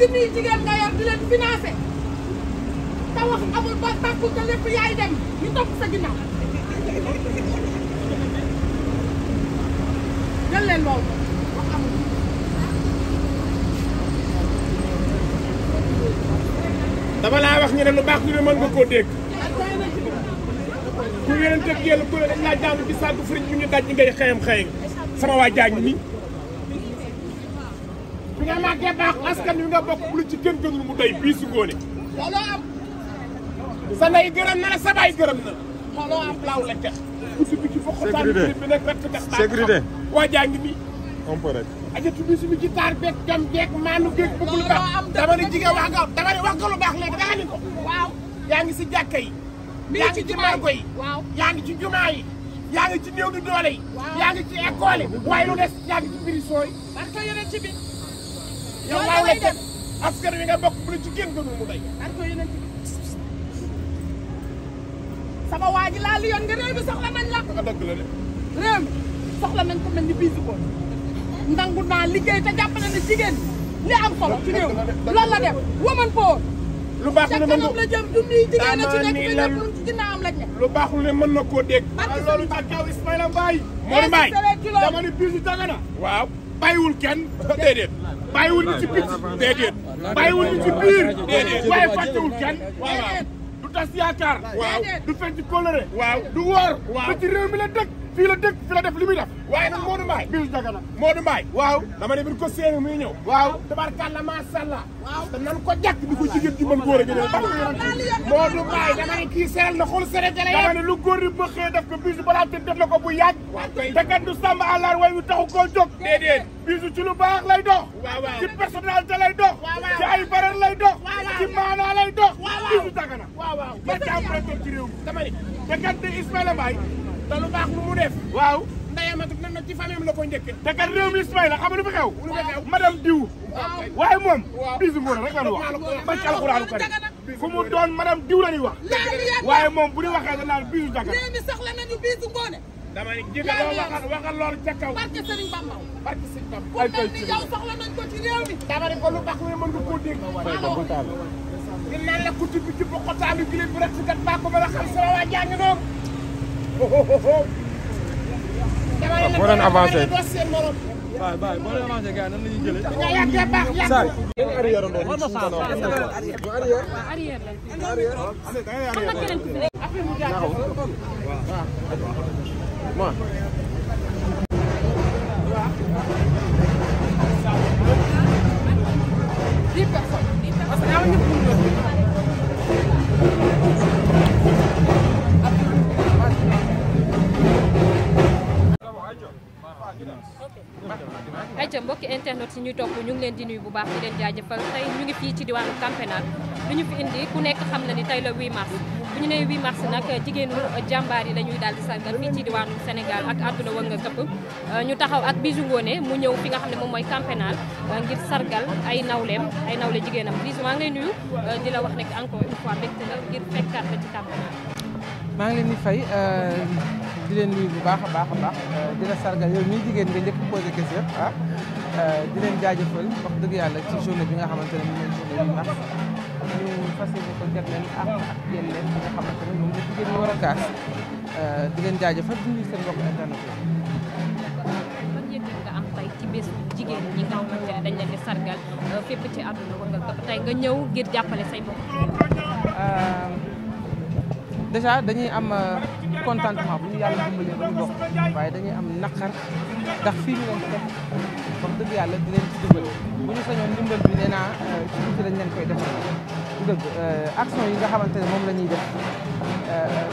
junniy jigéen nga yor di ta wax amul ba tàkku te lépp yaay dem ñu topp sa ginnaaw jël leen dama laa wax ñu lu baax lu ne mën nga koo dégg ku yeneen tëb yàlla ku ne dañ laa jaamu ci sàggu fëriñ bi ñu daj ñu ngay xayam xayam sama waa jaañ mi bi nga màggee baax askan wi nga bokk bu lu ci kenn gënul mu doy bii su ngóone looloo am sa gërëm na la gërëm na looloo am laaw la tex guddi bi ci foqtaan ngi taar beeg jom geeg maanu geeg baax dama ne jigéen wax nga dama ne wax lu baax léegi danga ni ko waaw si jàkka yi yaa ngi ci ci jumaa yi ci néew di doole yi ci école yi waaye lu ci prison yi yow laa li ci réew loolu la def woman power lu baax lu ne mën na a ci nekk ba mën na koo dégg. parce que loolu Fatou Ismaïla Mbaye. Mor Mbaye dama ne biisu tàggat na. waaw bàyyiwul kenn déedéet. bàyyiwul ñu ci picc déedéet bàyyiwul ñu ci biir déedéet waaye fàttewul kenn waaw du tas yaakaar waaw du fecc coloré waaw du woor ba ci réew mi la dëkk fii la dëkk fii la def li muy def waaye nag Modou Mbaye Bijou Dagana Modou Mbaye waaw dama ne bi ko séenu muy ñëw waaw tabarkalla masalla te nan ko jàkk di ko jigéen ji mën góor a gën a baax Modou Mbaye dama ne kii seral na xol Sénégalais dama ne lu góor yi bëxee def ko Bijou balaa tën def na ko bu yàgg te gan du sàmb àllar way wu taxu koo jóg déedéet Bijou ci lu baax lay dox ci lay dox ci ay lay dox ci maanaa lay dox Bijou Dagana waaw waaw barke am te lu baax lu mu def. waaw ndeyam ak nag ci famille am la ko njëkkee. te kat réew mi Ismaïla la xam nga lu fi xew. lu fi xew madame Diou. waaye moom. waaw bisu ngóor rek la ñu wax. ba ci alxuraanu kari fu mu doon madame Diou la ñuy wax. waaye moom bu ñu waxee da naan bisu jàkka. réew mi soxla nañu bisu ngóone. dama ni jigéen loo waxal waxal lool ca kaw. barke Serigne la mën nga koo a waaw boo leen avancé. waaw waaw boo leen avancé gars nan la ñuy jëlee. saa yi. arrière la ñu suuf dañoo am. arrière. arrière la. arrière. waaw. dix personnes. parce que ayca mbokki internet yi ñuy topp ñu ngi leen di nuyu bu baax di leen jaajëfal tey ñu ngi fii ci diwaanu Camp Pénal lu ñu fi indi ku nekk xam na ni tey la 8 mars bu ñu nee nag jigéenu jàmbaar yi la ñuy daal di sargal fii ci diwaanu Sénégal ak àdduna wënga këpp euh, ñu taxaw ak bisu Ngoné mu ñëw fi nga xam ne moom mooy Camp euh, ngir sargal ay nawleem ay nawle jigéenam Bijou maa ngi lay nuyu euh, di la wax nekk encore une fois mbégte la ngir fekkaat la ci Camp maa ngi leen di fay di leen nuyu bu baax a baax baax euh, di la sargal yow mii jigéen nga njëkk posé question ah euh, di leen dëgg yàlla ci journée bi nga xamante ne bi ndax ñu fas yéene ko a kaas euh, di leen jaajëfal di nuyu seen mbokk internet yi. ban yëg-yëg nga am tey ci bés jigéen ñi nga xamante dañ leen di sargal fépp ci àdduna war nga nga ñëw ngir jàppale say mbokk. déjà dañuy am euh, contentement bu ñu yàlla dimbalee ba ñu bokk waaye dañuy am naqar ndax fii ñu leen dëgg yàlla di leen bi nee naa euh, ci leen koy defal dëgg euh, action yi nga xamante ne moom la ñuy def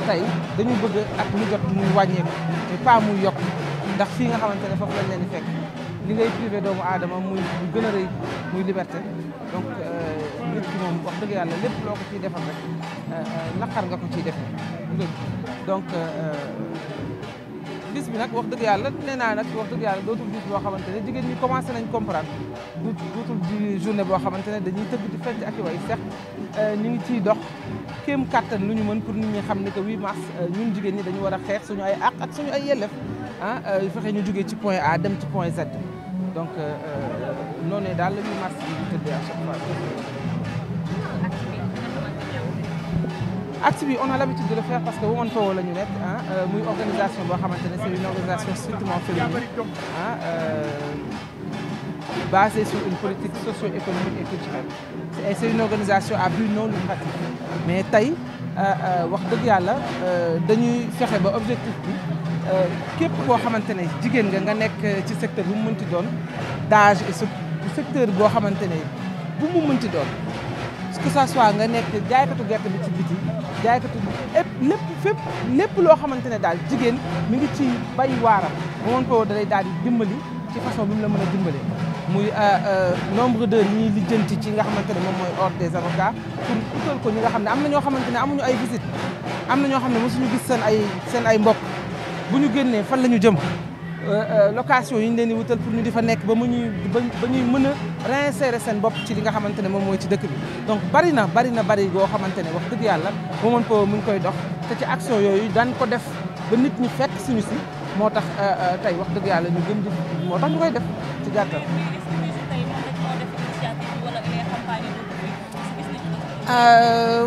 tey dañu bëgg ak mu jot muy wàññeeku mais pas muy yokk ndax fii nga xamante ne foofu lañ leen di fekk li ngay privé doomu aadama muy lu gën a rëy muy liberté donc euh, nit ki moom wax dëgg yàlla lépp loo ko ciy defal rek euh, euh, naqar nga ko ciy defee donc bis bi nag wax dëgg yàlla nee naa nag wax dëgg yàlla dootul bis boo xamante ne jigéen ñi commencé nañ comprendre dootul journée boo xamante ne dañuy tëgg di fecc ak i way sex ñu ngi ciy dox kéem kattan nu ñu mën pour ni ñu xam ne que 8 mars ñun jigéen ñi dañu war a xeex suñu ay àq ak suñu ay yellef ah, fexe ñu jugee ci point A dem ci point Z donc euh, euh, noonu daal la ñuy marché bi di tëddee à fois. acte bi on a l'habitude de le faire parce que Women Power la ñu nekk ah euh, muy organisation boo xamante ne c'est une organisation strictement féminine ah base sur une politique socio-économique et culturelle. et c'est une organisation à but non lucratif mais tey wax dëgg yàlla dañuy fexe ba objectif bi. képp koo xamante ne jigéen nga nga nekk ci secteur bu mu mënti doon d'âge et secteur goo xamante ne bu mu mënti doon que ça soit nga nekk jaaykatu gerte bi ci biti jaaykatu lépp fépp lépp loo xamante ne daal jigéen mi ngi ci bay waaram Momonpro da lay daal di dimbali ci façon bi mu la mën a dimbali muy euh, euh, nombre d'heures yi ñuy lijjanti ci nga xamante ne moom mooy ordre des avocats pour utal ko ñi nga xam ne am na ñoo xamante ne amuñu ay visite am na ñoo xam ne mosuñu gis seen ay seen ay mbokk bu ñu génnee fan la ñu jëm euh, euh, location yi ñu leen di wutal pour ñu di fa nekk ba mu ñuy ba ñuy mën a réinsérer seen bopp ci li nga xamante ne moom mooy ci dëkk bi donc bari na bari na bari goo xamante ne wax dëgg yàlla moo mën ko mu koy dox ci action yooyu daan ko def ba nit ñi fekk suñu moo tax euh, tey wax dëgg yàlla ñu gën di moo tax ñu koy def ci gàttal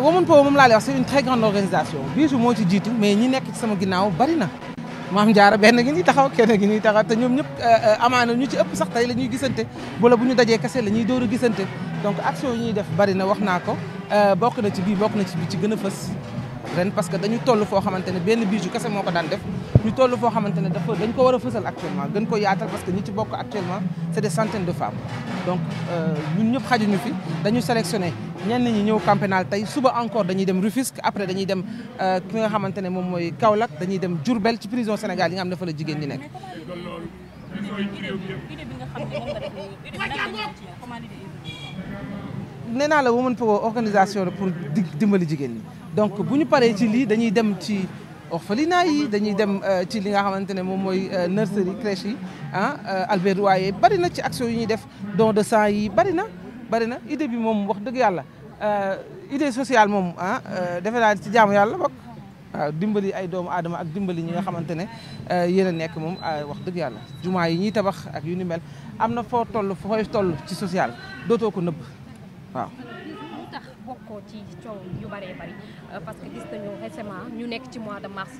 Women Power moom laa lay wax c'est une très grande organisation bii su moo ci jiitu mais ñi nekk ci sama ginnaaw bari na maam jaara benn gi ñuy taxaw kenn gi ñuy taxaw te ñoom ñëpp euh, euh, amaana ñu ci ëpp sax tey la ñuy gisante wala bu ñu dajee kese la ñuy door a gisante donc action yi ñuy def bari na wax naa ko euh, bokk na ci bii bokk na ci bii ci gën a fës ren parce que dañu toll foo xamante ne benn bijou kese moo ko daan def ñu toll foo xamante ne dafa dañ ko war a fësal actuellement gën ko yaatal parce que ñi ci bokk actuellement c'est des centaines de femmes donc euh, ñun ñëpp xajuñu fi dañu sélectionné ñenn ñi ñëw Camp Pénal tey suba encore dañuy dem Rufisque après dañuy dem euh, ki nga xamante ne moom mooy Kaolack dañuy dem Diourbel ci prison Sénégal yi nga xam ne fa la jigéen ñi nekk nee naa la woman power organisation la pour dimbali jigéen ñi donc bu ñu paree ci lii dañuy dem ci orphelinat yi dañuy dem euh, ci li nga xamante ne moom mooy euh, nurserie crèche yi ah euh, Albert waaye bari na ci action yu ñuy def don de sang yi bari na bari na idée bi moom wax dëgg yàlla idée sociale moom ah defe naa ci jaamu yàlla bokk dimbali ay doomu aadama ak dimbali ñi nga xamante ne yéen a nekk moom wax dëgg yàlla jumaa yi ñuy tabax ak yu ni mel am na foo toll fooy toll ci sociale dootoo ko nëbb waaw. Euh, parce que gis nañu récemment ñu nekk ci mois de mars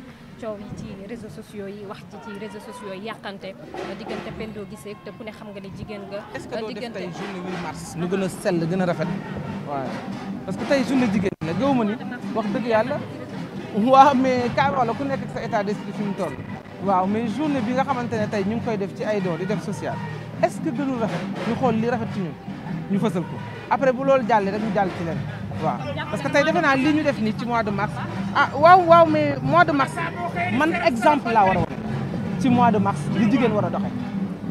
coow yi ci réseaux sociaux yi wax ci ci réseaux sociaux yi yàqante diggante Pendo Guissé te ku ne xam nga ni jigéen nga. diggante ce que doo def tey journée 8 mars. lu gën sell gën a rafet. parce que tey journée jigéen la gëw ni wax dëgg yàlla. waaw mais ka wala ku nekk sa état d'esprit fi mu toll. waaw mais journée bi nga xamante ne tey ñu ngi koy def ci ay dons di def social est-ce que gënul rafet ñu xool li rafet ci ñun ñu fësal ko après bu loolu jàllee rek jàll ci leen waaw parce que tey defe naa li ñu def nii ci mois de mars ah waaw waaw mais mois de mars man exemple laa war a wane ci mois de mars li jigéen war a doxee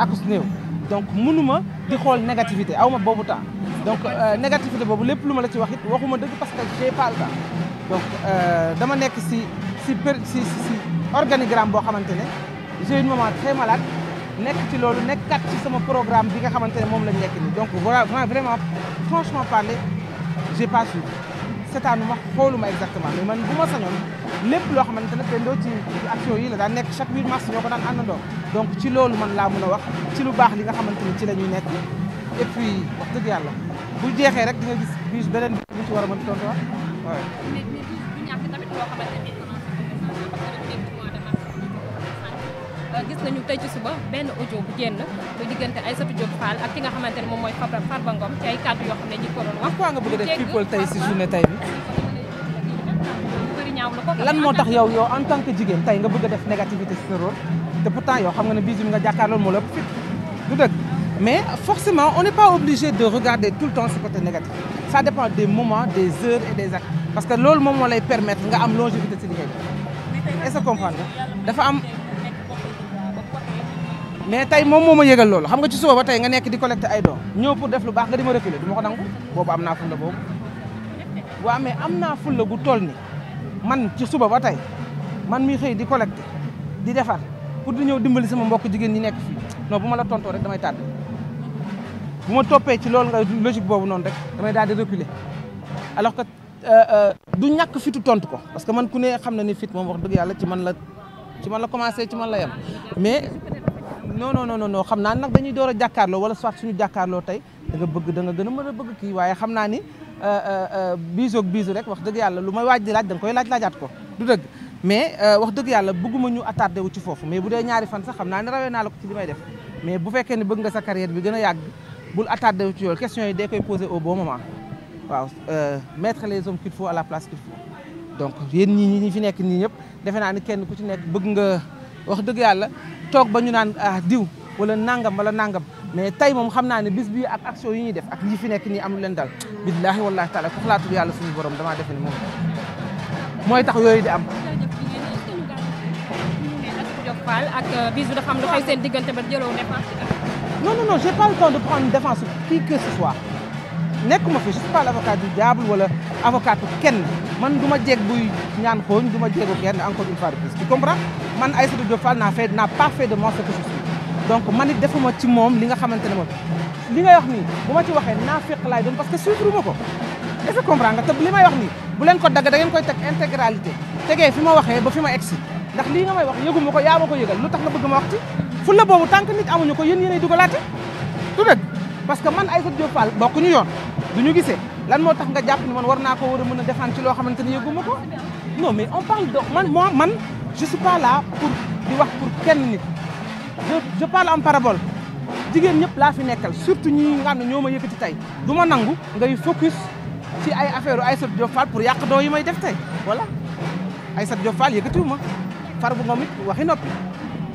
ak su néew donc munuma di xool négativité aw ma boobu temps donc euh, négativité boobu lépp lu ma la ci wax it waxuma dëgg parce que j'ai pas le temps donc euh, dama nekk si si si si organigramme boo xamante ne j'ai une maman très nekk ci loolu nekkaat ci sama programme bi nga xamante ne moom lañ nekk nii donc voilà vraiment franchement parler j'ai pas suivi seetaanu ma xooluma exactement mais man bu ma sañoon lépp loo xamante ne Pendo ci action yi la daan nekk chaque 8 mars ñoo ko daan àndandoo donc ci loolu man laa mën a wax ci lu baax li nga xamante ni ci la ñuy nekk et puis wax dëgg yàlla bu jeexee rek di nga gis bis beneen bi ci war a mën tontu wax waaw Euh, gis nañu tey ci suba benn audio bu génn bu diggante nga xamante ne moom mooy Farba Ngom ci ay kàddu yoo xam lan moo tax yow yow en tant que jigéen tey nga bëgg def négativité si sa rôle te pourtant yow xam nga ne bisim nga jàkkaarloo moo la ëpp fit du dëgg mais forcément on n'est pas obligé de regarder tout le temps ce côté négatif que loolu moom moo lay permettre nga am longévité si liggéey bi est-ce que comprendre dafa mais tey moom moo ma yëgal loolu xam nga ci suba ba tey nga nekk di collecté ay dons ñëw pour def lu baax nga di a reculer du ma ko nangu boobu am naa fulla boobu waaw mais am man ci suba ba tey man mi xëy di collecté di defar pour di ñëw dimbali sama mbokk jigéen ñi nekk fii bu ma la tontoo rek damay tàdd bu ma toppee ci loolu nga logique boobu noonu rek damay daal di reculer alors que euh, euh, du ñàkk fitu tontu ko parce que man ku ne xam na ni fit moom wax dëgg yàlla ci man la ci man la commencé ci man la yem mais non non non non xam naa nag dañuy door a jàkkaarloo wala soit suñu jàkkaarloo tey da nga bëgg da nga gën a mën a bëgg kii waaye xam naa ni euh, euh, euh, biisu ak biisu rek wax dëgg yàlla lu may waaj di laaj da nga koy laaj laajaat ko du dëgg mais wax dëgg yàlla bëgguma ñu attardé wu ci foofu mais bu dee ñaari fan sax xam naa ne rawee naa la ko ci li may def mais bu fekkee ne bëgg nga sa carrière bi gën a yàgg bul attardé wu ci yoolu question yi day koy posé au bon moment waaw mettre les hommes qu'il faut à la place qu'il faut donc yéen ñii ñi fi nekk nii ñëpp defe naa ni kenn ku ci nekk bëgg nga wax dëgg yàlla toog ba ñu naan ah diw wala nangam wala nangam mais tey moom xam naa ne bis bii ak action yi ñuy def ak ñi fi nekk nii amul leen dal billaahi wallaahi taala ku xalaatu yàlla suñu borom damaa defe ne moom mooy tax yooyu di am. ak euh, bis bi dafa am seen diggante ba jëloo défense. non non non j'ai pas le temps de prendre une défense que ce soit. nekk nekkuma fi je suis pas l' avocat du diable wala avocatu kenn man du ma jeeg buy ñaan xooñ du ma jeegu kenn encore une fois de plus tu comprends man Aïssatou Diop Fall naa naa pas de moi ce que je man it defuma ci moom li nga xamante ne moom li nga wax nii bu ma ci waxee naa féq laay doon parce que suivre ma ko est-ce que nga te li ma wax nii bu leen ko dagg da koy teg intégralité tegee ma waxee ba fi ma egsi ndax lii nga may wax yëgu ma ko yaa ko yëgal lu tax nga bëgg ma wax ko yéen yéenay dugalaate du dëgg parce que man Aïssatou Diop Fall bokkuñu yoon du ñu gisee lan moo tax nga jàpp ni man war naa ko war a mën a défendre ci loo xamante ni yëguma ko non mais on parle de man moo man je suis pas di wax pour kenn nit je parle jigéen ñëpp laa fi nekkal surtout ñi nga xam ne ñoo ma yëkkati tey du ma nangu ngay focus ci ay affaire ay Aïssatou Diop Fall pour yàq doo yi may def tey voilà Aïssatou Diop Fall yëkkatiwu ma far bu moom wax waxi noppi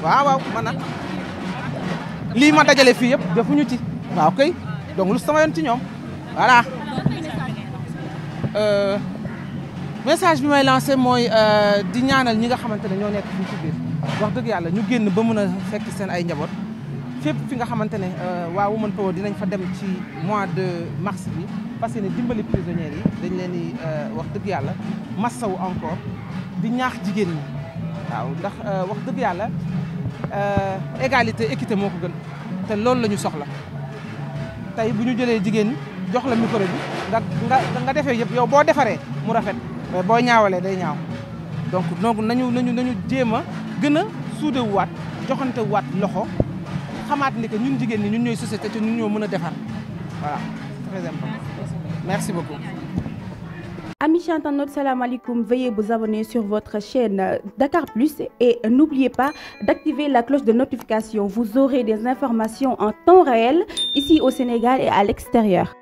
waaw man nag lii ma dajale fii yëpp defuñu ci waaw kay donc lu sama yoon ci ñoom voilà euh, message bi may lancé mooy euh, di ñaanal ñi nga xamante ne ñoo nekk fii ci biir wax dëgg yàlla ñu génn ba mën a fekk seen ay njaboot fépp fi nga xamante ne euh, waa Women Power dinañ fa dem ci mois de mars bi parce que ne dimbali prisonniers yi dañ leen di wax dëgg yàlla massawu encore di ñaax jigéen ñi waaw ndax wax dëgg yàlla égalité équité moo ko gën te loolu la ñu soxla tey bu ñu jëlee jigéen jox la micro bi nga nga nga defee yëpp yow boo defaree mu rafet mais boo ñaawalee day ñaaw donc donc nañu nañu nañu jéem a gën a suude waat joxante waat loxo xamaat ni que ñun jigéen ñi ñun ñooy société te ñun ñoo mën a defar voilà très important merci beaucoup. Amis chers internautes, salam alaikum. Veuillez vous abonner sur votre chaîne Dakar Plus et n'oubliez pas d'activer la cloche de notification. Vous aurez des informations en temps réel ici au Sénégal et à l'extérieur.